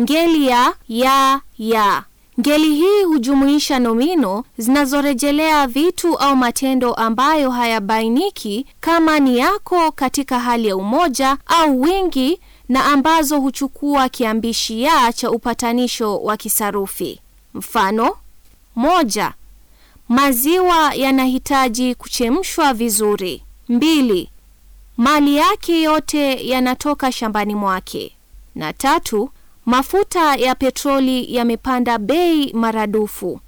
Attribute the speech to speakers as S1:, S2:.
S1: Ngeli ya ya ya. Ngeli hii hujumuisha nomino zinazorejelea vitu au matendo ambayo hayabainiki kama ni yako katika hali ya umoja au wingi na ambazo huchukua kiambishi ya cha upatanisho wa kisarufi. Mfano: moja, maziwa yanahitaji kuchemshwa vizuri. Mbili, mali yake yote yanatoka shambani mwake. Na tatu, Mafuta ya petroli yamepanda bei maradufu.